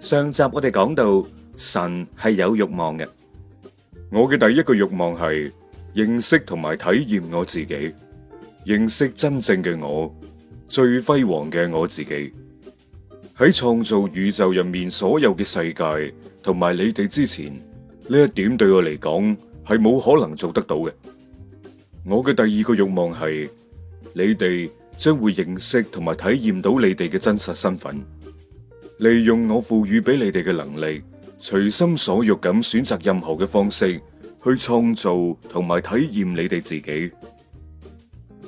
上集我哋講到，神係有欲望嘅。我嘅第一個欲望係認識同埋體驗我自己，認識真正嘅我，最輝煌嘅我自己。喺創造宇宙入面所有嘅世界同埋你哋之前，呢一點對我嚟講係冇可能做得到嘅。我嘅第二個欲望係，你哋將會認識同埋體驗到你哋嘅真實身份。利用我賦予俾你哋嘅能力，隨心所欲咁選擇任何嘅方式去創造同埋體驗你哋自己。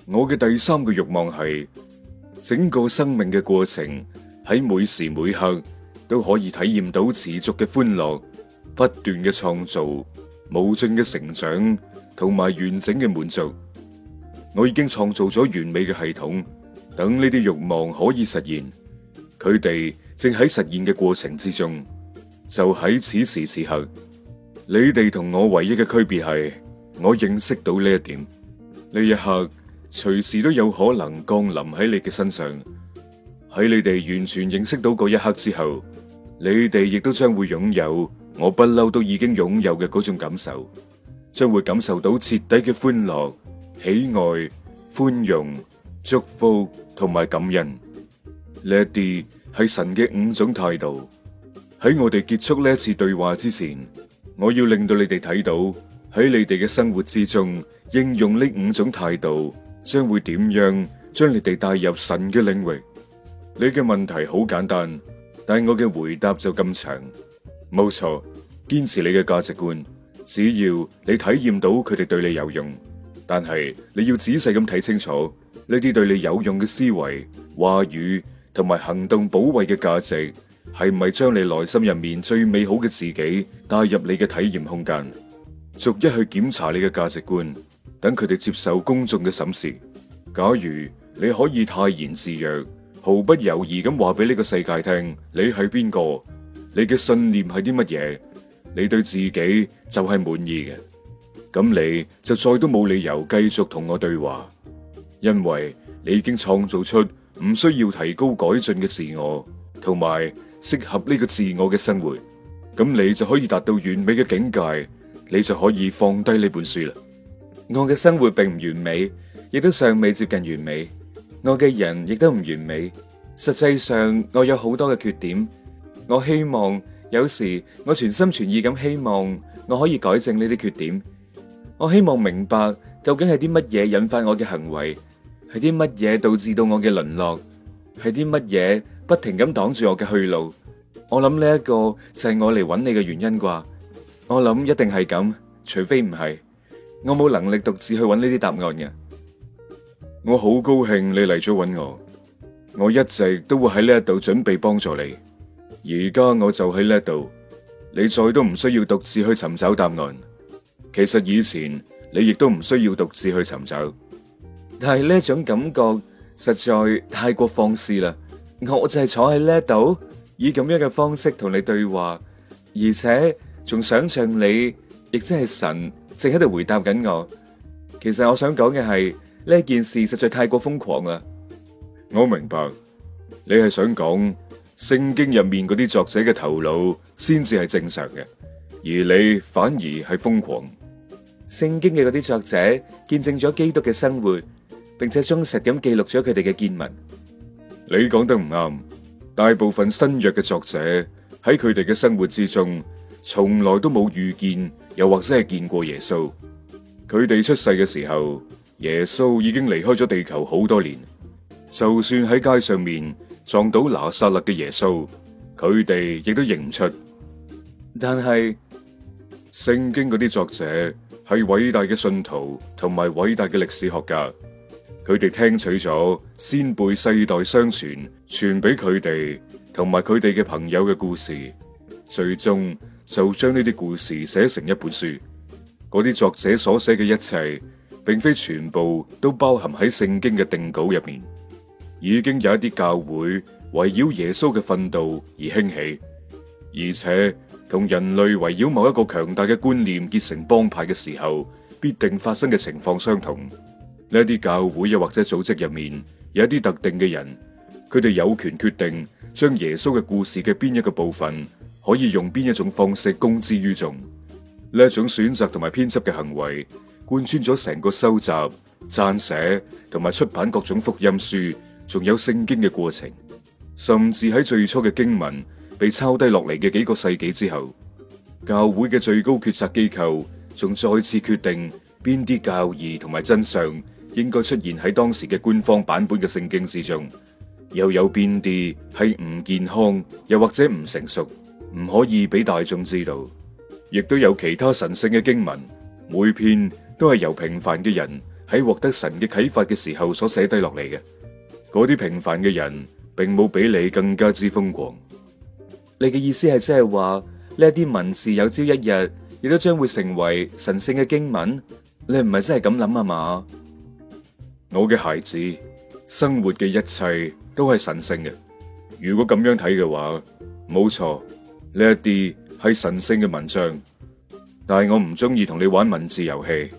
我嘅第三個欲望係整個生命嘅過程，喺每時每刻都可以體驗到持續嘅歡樂、不斷嘅創造、無盡嘅成長同埋完整嘅滿足。我已經創造咗完美嘅系統，等呢啲欲望可以實現。佢哋正喺實現嘅過程之中，就喺此時此刻，你哋同我唯一嘅區別係，我認識到呢一點，呢一刻隨時都有可能降臨喺你嘅身上。喺你哋完全認識到嗰一刻之後，你哋亦都將會擁有我不嬲都已經擁有嘅嗰種感受，將會感受到徹底嘅歡樂、喜愛、寬容、祝福同埋感恩呢一啲，係神嘅五種態度。喺我哋結束呢一次對話之前，我要令到你哋睇到喺你哋嘅生活之中應用呢五種態度，將會點樣將你哋帶入神嘅領域。你嘅問題好簡單，但係我嘅回答就咁長。冇錯，堅持你嘅價值觀，只要你體驗到佢哋對你有用，但係你要仔細咁睇清楚呢啲對你有用嘅思維、話語。同埋行動保衛嘅價值，係咪將你內心入面最美好嘅自己帶入你嘅體驗空間？逐一去檢查你嘅價值觀，等佢哋接受公眾嘅審視。假如你可以泰然自若，毫不猶豫咁話俾呢個世界聽你係邊個，你嘅信念係啲乜嘢，你對自己就係滿意嘅，咁你就再都冇理由繼續同我對話，因為你已經創造出。唔需要提高改進嘅自我，同埋適合呢個自我嘅生活，咁你就可以達到完美嘅境界，你就可以放低呢本書啦。我嘅生活並唔完美，亦都尚未接近完美，我嘅人亦都唔完美。實際上我有好多嘅缺點，我希望有時我全心全意咁希望我可以改正呢啲缺點。我希望明白究竟係啲乜嘢引發我嘅行為？係啲乜嘢導致到我嘅淪落？係啲乜嘢不停咁擋住我嘅去路？我諗呢一個就係我嚟揾你嘅原因啩？我諗一定係咁，除非唔係，我冇能力獨自去揾呢啲答案嘅。我好高興你嚟咗揾我，我一直都會喺呢一度準備幫助你。而家我就喺呢一度，你再都唔需要獨自去尋找答案。其實以前你亦都唔需要獨自去尋找。但係呢種感覺實在太過放肆啦！我就係坐喺呢度，以咁樣嘅方式同你對話，而且仲想象你，亦即係神，正喺度回答緊我。其實我想講嘅係呢一件事實在太過瘋狂啦！我明白你係想講聖經入面嗰啲作者嘅頭腦先至係正常嘅，而你反而係瘋狂。聖經嘅嗰啲作者見證咗基督嘅生活。並且忠實咁記錄咗佢哋嘅見聞。你講得唔啱，大部分新約嘅作者喺佢哋嘅生活之中，從來都冇遇見，又或者係見過耶穌。佢哋出世嘅時候，耶穌已經離開咗地球好多年。就算喺街上面撞到拿撒勒嘅耶穌，佢哋亦都認唔出。但係是聖經嗰啲作者係偉大嘅信徒，同埋偉大嘅歷史學家。佢哋聽取咗先輩世代相傳，傳俾佢哋同埋佢哋嘅朋友嘅故事，最終就將呢啲故事寫成一本書。嗰啲作者所寫嘅一切，並非全部都包含喺聖經嘅定稿入面。已經有一啲教會圍繞耶穌嘅奮鬥而興起，而且同人類圍繞某一個強大嘅觀念結成幫派嘅時候，必定發生嘅情況相同。呢啲教會又或者組織入面有一啲特定嘅人，佢哋有權決定將耶穌嘅故事嘅邊一個部分可以用邊一種方式公之於眾。呢種選擇同埋編輯嘅行為，貫穿咗成個收集、撰寫同埋出版各種福音書，仲有聖經嘅過程，甚至喺最初嘅經文被抄低落嚟嘅幾個世紀之後，教會嘅最高決策機構仲再次決定邊啲教義同埋真相。應該出現喺當時嘅官方版本嘅聖經之中，又有邊啲係唔健康，又或者唔成熟，唔可以俾大眾知道。亦都有其他神聖嘅經文，每篇都係由平凡嘅人喺獲得神嘅啟發嘅時候所寫低落嚟嘅。嗰啲平凡嘅人，並冇比你更加之瘋狂。你嘅意思係即係話呢一啲文字，有朝一日亦都將會成為神聖嘅經文？你唔係真係咁諗啊嘛？我嘅孩子，生活嘅一切都係神聖嘅。如果咁樣睇嘅話，冇錯，呢一啲係神聖嘅文章。但係我唔中意同你玩文字遊戲，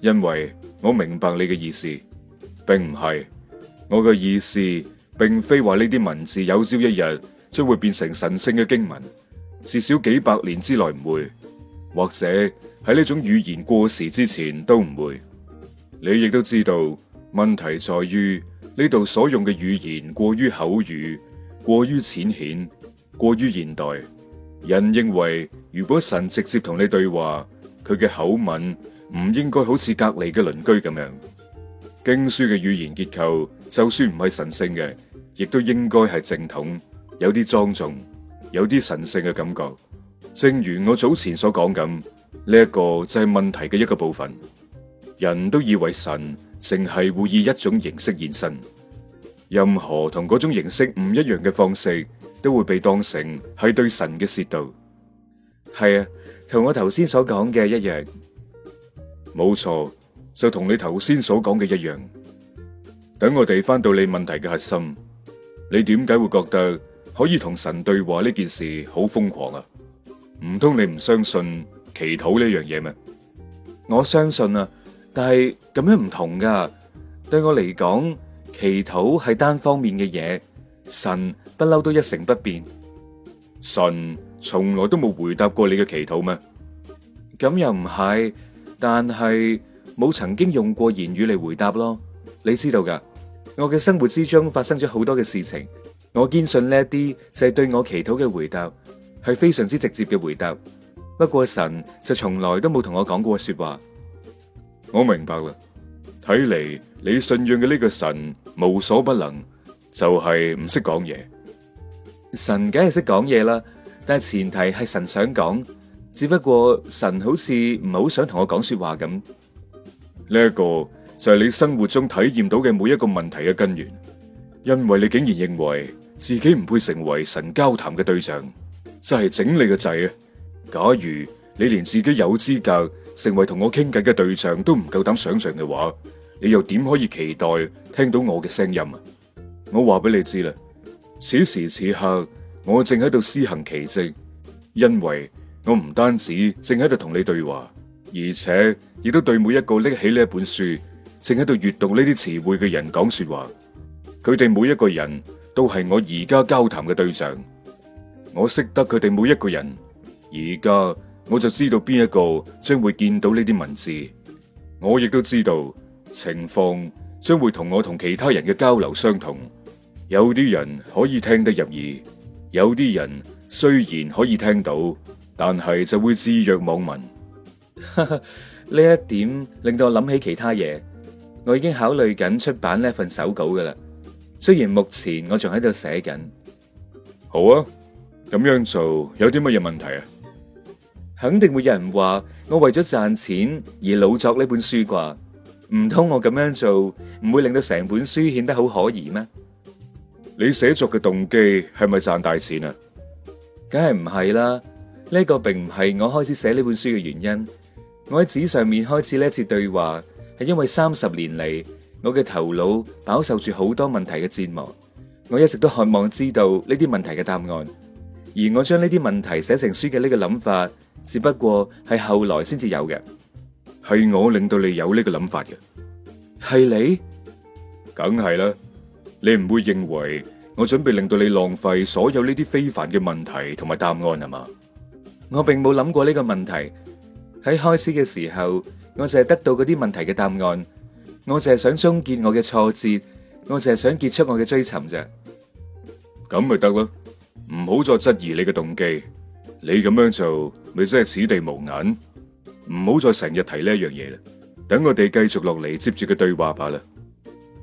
因為我明白你嘅意思，並唔係我嘅意思，並非話呢啲文字有朝一日將會變成神聖嘅經文。至少幾百年之內唔會，或者喺呢種語言過時之前都唔會。你亦都知道。問題在於呢度所用嘅語言過於口語，過於淺顯，過於現代。人認為如果神直接同你對話，佢嘅口吻唔應該好似隔籬嘅鄰居咁樣。經書嘅語言結構就算唔係神聖嘅，亦都應該係正統，有啲莊重，有啲神聖嘅感覺。正如我早前所講咁，呢一個就係問題嘅一個部分。人都以為神。淨係會以一種形式現身，任何同嗰種形式唔一樣嘅方式，都會被當成係對神嘅褻瀆。係啊，同我頭先所講嘅一樣，冇錯，就同你頭先所講嘅一樣。等我哋返到你問題嘅核心，你點解會覺得可以同神對話呢件事好瘋狂啊？唔通你唔相信祈禱呢樣嘢咩？我相信啊。但係咁樣唔同噶。對我嚟講，祈禱係單方面嘅嘢。神不嬲都一成不變，神從來都冇回答過你嘅祈禱咩？咁又唔係，但係冇曾經用過言語嚟回答咯。你知道噶，我嘅生活之中發生咗好多嘅事情，我堅信呢一啲就係對我祈禱嘅回答，係非常之直接嘅回答。不過神就從來都冇同我講過說話。我明白啦，睇嚟你信仰嘅呢個神無所不能，就係唔識講嘢。神梗係識講嘢啦，但係前提係神想講，只不過神好似唔係好想同我講說話咁。呢一個就係你生活中體驗到嘅每一個問題嘅根源，因為你竟然認為自己唔配成為神交談嘅對象，真係整你個掣啊！假如你連自己有資格。成為同我傾偈嘅對象都唔夠膽想象嘅話，你又點可以期待聽到我嘅聲音啊？我話俾你知啦，此時此刻我正喺度施行奇跡，因為我唔單止正喺度同你對話，而且亦都對每一個拎起呢一本書，正喺度閱讀呢啲詞彙嘅人講說話。佢哋每一個人都係我而家交談嘅對象，我識得佢哋每一個人，而家。我就知道邊一個將會見到呢啲文字，我亦都知道情況將會同我同其他人嘅交流相同。有啲人可以聽得入耳，有啲人雖然可以聽到，但係就會置若罔聞。呢 一點令到我諗起其他嘢，我已經考慮緊出版呢份手稿噶啦。雖然目前我仲喺度寫緊，好啊，咁樣做有啲乜嘢問題啊？肯定會有人話我為咗賺錢而老作呢本書啩？唔通我咁樣做唔會令到成本書顯得好可疑咩？你寫作嘅動機係咪賺大錢啊？梗係唔係啦，呢個並唔係我開始寫呢本書嘅原因。我喺紙上面開始呢次對話，係因為三十年嚟我嘅頭腦飽受住好多問題嘅折磨，我一直都渴望知道呢啲問題嘅答案，而我將呢啲問題寫成書嘅呢個諗法。只不過係後來先至有嘅，係我令到你有呢個諗法嘅，係你，梗係啦，你唔會認為我準備令到你浪費所有呢啲非凡嘅問題同埋答案啊嘛？我並冇諗過呢個問題，喺開始嘅時候，我淨係得到嗰啲問題嘅答案，我淨係想終結我嘅挫折，我淨係想結束我嘅追尋啫。咁咪得咯，唔好再質疑你嘅動機。你咁樣做，咪真係此地無銀。唔好再成日提呢一樣嘢啦。等我哋繼續落嚟接住嘅對話吧啦。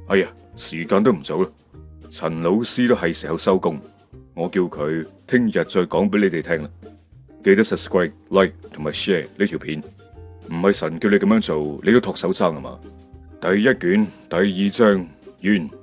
哎呀，時間都唔早啦，陳老師都係時候收工。我叫佢聽日再講俾你哋聽啦。記得 subscribe、like 同埋 share 呢條片。唔係神叫你咁樣做，你都托手踭啊嘛。第一卷第二章完。